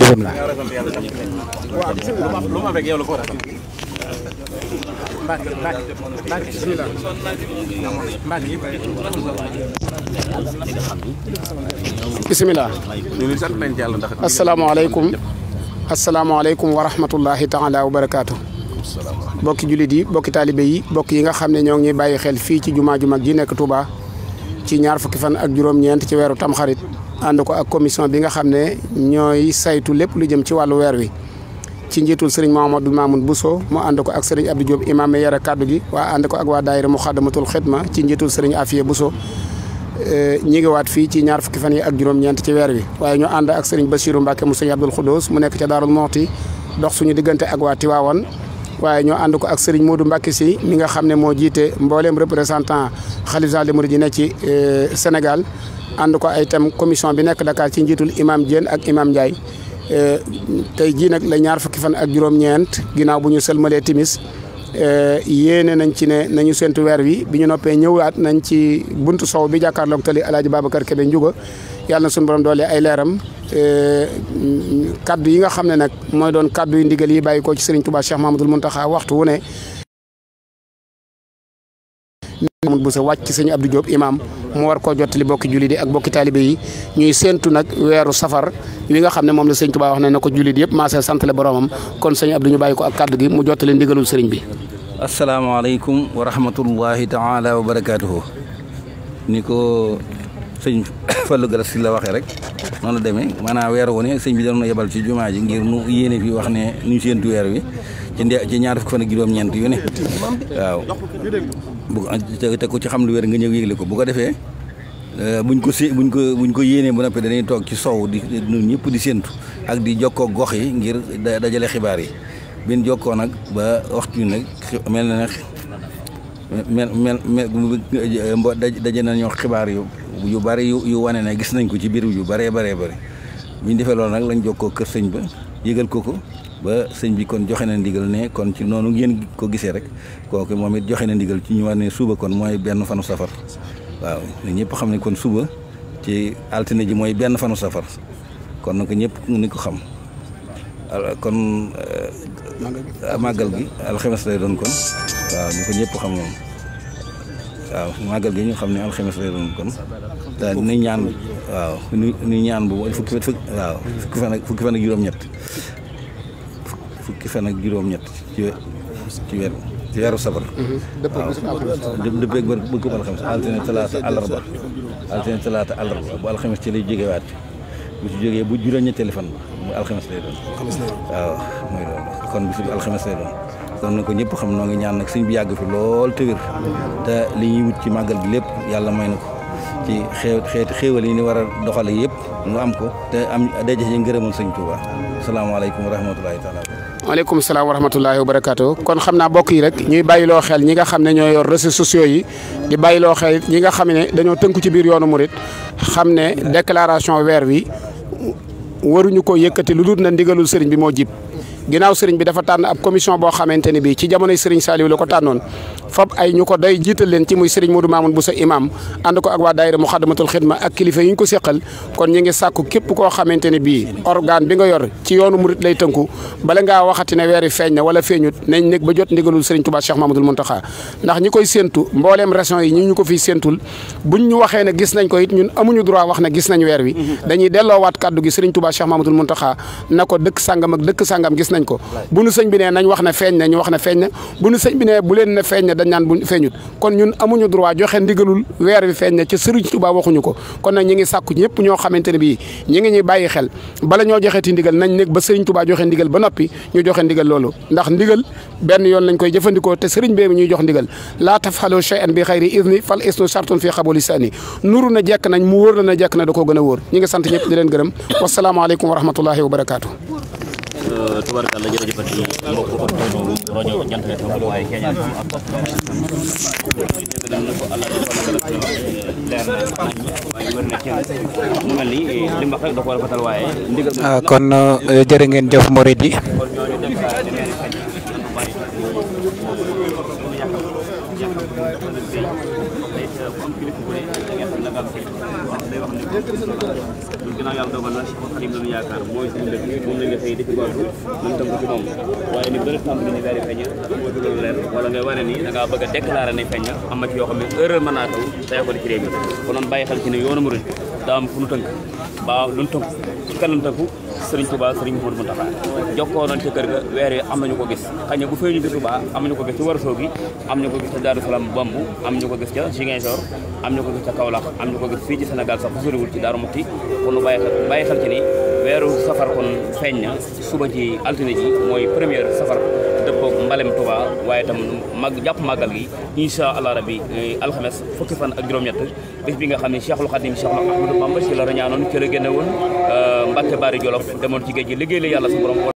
gërëm la Assalamualaikum asalaamaaleykum asalaamaaleykum wa rahmatullahi taala wa barakaatu bokki jullit yi bokki taalibe yi bokk yi nga xam ñoo ngi xel ci ju mag Touba ci ñaar fukki fan ak juróom-ñeent ci weeru tamxarit ànd ko ak commission bi nga xam ne ñooy saytu lépp lu jëm ci wàllu weer wi ci njiitul sëriñ Mouhamadou Mamoun Bousso mu ànd ko ak sëriñ Abdou Diop imaam mi yara kaddu gi waa ànd ko ak waa mu daayira Muxaddamatul Xidma ci njiitul sëriñ Afiye Bousso euh, ñi ngi waat fii ci ñaar fukki fan yi ak juróom-ñeent ci weer wi waaye ñu ànd ak sëriñ Bassirou Mbacke mu sëriñ Abdoul Khoudous mu nekk ca Daarul Moxti dox suñu diggante ak waa Tiwaawan waaye ñoo ànd ko ak sëriñ Modou Mbacke si mi nga xam ne moo jiite mbooleem représentant xalif général des mourides yi ne ci euh, Sénégal ànd ko ay tam commission bi nekk Dakar ci njiitul imam Diène ak imam Ndiaye euh, tey jii nag la ñaar fukki fan ak juróom-ñeent ginnaaw bu ñu lee timis Eh, yéene nañ ci ne nañu sentu weer wi bi ñu noppee ñëwaat nañ ci buntu sow bi jàkkaarloog tali alaaji Babacar Kebe Njuga yàlla na borom doole ay leeram eh, kaddu yi nga xam ne nag mooy doon kaddu yu ndigal yi bàyyi koo ci Serigne Touba Cheikh Mamadou Mountakha waxtu wu ne Mamadou Boussa wàcc ci sëñ Abdou Diop imam mu war koo jottali bokki jullit yi ak bokki taalibe yi ñuy séentu nag weeru safar wi nga xam ne moom la sëñ Touba wax ne na ko jullit yëpp maasee sant la boromam kon sëñ ñu bàyyi ko ak kaddu gi mu jottali ndigalul sëriñ bi Assalamualaikum warahmatullahi taala wabarakatuh. Niko ni ko sëñ sila Galass si la waxee rek noonu la demee maanaam weer wu ne sëñ bi doon yebal ci jumaa ji ngir nu yéene fi wax ne nu séentu weer wi ci ndee ci ñaar fukki fan ak juróom-ñeent yu ne waaw bu te ku ci xam lu weer nga ñëw yégle ko bu ko defee euh, buñ ko buñ ko buñ ko yéenee ba noppi dañuy toog ci sow di ñun ñëpp di séentu ak di jokkoo gox yi ngir dajale xibaar yi bin jokkoo nag ba waxtu nag mel na mel mel mel daje nañoo xibaar yu bari yu yu wane ne gis nañ ko ci biir yu baree baree bëri bi ñu nag lañ koo kër sëñ ba yëgal ko ko ba sëñ bi kon joxe na ndigal ne kon ci noonu ngeen ko gisee rek kooku moom it joxe na ndigal ci ñu war ne suba kon mooy benn fanu safar waaw ne ñëpp xam ne kon suba ci altine ji mooy benn fanu safar kon nag ñëpp ni ko xam. kon eh, magal gi alxemes lay doon kon waaw ñu ko ñëpp xam moom waaw màggal gi ñu xam ne alxemes lay doon kon te ni ñaan waaw ni ñaan bu fukki fan fukki waaw fukki fan ak fukki fan ak juróom-ñett fukki fan ak juróom-ñett ci ci weer ci weeru sabar waaw dëppee bër bëgg bu alxemes altine talaata àllarba altine talaata àllarba bu alxemes ci lay jógewaat bu ci jógee bu juróom-ñetteeli fan ba mu alxames lay doon. alxames lay doon waaw mooy kon bisu alxames lay doon. kon na ko ñëpp xam noo ngi ñaan nag suñ bi yàgg fi lool te wér te li ñuy wut ci màggal bi lépp yàlla may na ko ci xew xeeti xéewal yi ni war a doxale yëpp mu am ko te am daje ci ngërëmal sëñ Tuuba salaamaaleykum wa rahmatulahi taala waaleykum salaam wa rahmatullahi wa barakaatu kon xam naa bokk yi rek ñuy bàyyiloo xel ñi nga xam ne ñoo yor réseaux sociaux yi di bàyyiloo xel ñi nga xam ne dañoo tënku ci biir yoonu xam ne déclaration weer wi waruñu ko yëkkati lu dul na ndigalul sëriñ bi moo jib ginnaaw sering bi dafa tànn ab commission boo xamante ne bii ci jamonoy sëriñ Saliou la ko fab ay ñu ko doy jiital ci muy Modou Mamoun imam ànd ko ak waa daayira Muxaddamatul Xidma ak kilifa yi ñu ko seqal kon ñu ngi sàkku képp koo xamante ne organe bi nga yor ci yoonu murit lay tënku bala ngaa waxati ne na wala feeñut nañ nekk ba jot ndigalul sëriñ Touba Cheikh Mamadou Mountakha ndax ñi koy séentu mbooleem région yi ñi ñu ko fiy séentul buñ ñu waxee ne gis nañ ko it ñun amuñu droit wax ne gis nañ weer wi mhm. dañuy kaddu gi Touba Cheikh Mamadou ak gis nañ ko bu nu sëñ bi nee nañ wax na feeñ na ñu wax ne feeñ na bu nu sëñ bi nee bu leen ne feeñ na dañ naan bu feeñut kon ñun amuñu droit joxe ndigalul weer bi feeñ na ci Sëriñ Tuubaa waxuñu ko kon nag ñi ngi sàkku ñëpp ñoo xamante ne bii ñi ngi ñuy bàyyi xel bala ñoo joxeeti ndigal nañ nekk ba Sëriñ Tuubaa joxe ndigal ba noppi ñu joxe ndigal loolu ndax ndigal benn yoon lañ koy jëfandikoo te sëriñ bee mi ñuy jox ndigal laa tafxalu shay'an bi xayri izni fal isnu shartun fi xaboli saani nuru na jekk nañ mu wóor la na jekk na da koo gën a wóor ñi ngi sant ñëpp di leen gërëm wasalaamaaleykum wa rahmatullahi wa barakaatu kon jërë ngeen jëf day ku am kilifa bu ne da ngeen xam ne nga am kilifa wax day wax ne ñun ginnaaw yàlla dogal na si xar yi doon yaakaar mooy moom lañ la fay dëkk wàllu mën tam ko ci moom waaye ni bëri tàmbali ni weer yi feeñ moo ni da ngaa bëgg a na ci yoo xam ne erreur mën naa taw tey ko di ci réew mi konoon bàyyi xel ci ne yoonu murid daa am fu nu tënk ba lu nu tënk ci kanam tënku Serigne Touba Serigne Mourou Mountakha jokkoo nañ ca kër ga weer yi am nañu ko gis xëy na bu feeñu subaa am nañu ko gis ci Ourossogui am nañu ko gis ca Darou Salam Bomb am ñu ko gis ca Ziguinchor am nañu ko gis ca Kaolack am nañu ko gis fii ci Sénégal sax bu soriwul ci Darou Mouhty kon nu bàyyi xel bàyyi xel ci ni weeru safar kon feeñ na suba ci altine ji mooy première safar mbalem Touba waaye itam mag jàpp màggal gi incha allah rabi e, alxames fukki fan ak juróom-ñett bis bi nga xam ne Cheikhul Khadim Cheikh Ahmadou Bamba ci la rañaanoon ci la génne woon e, Mbacke Bari Jolof demoon ci géej gi liggéey la yàlla sa borom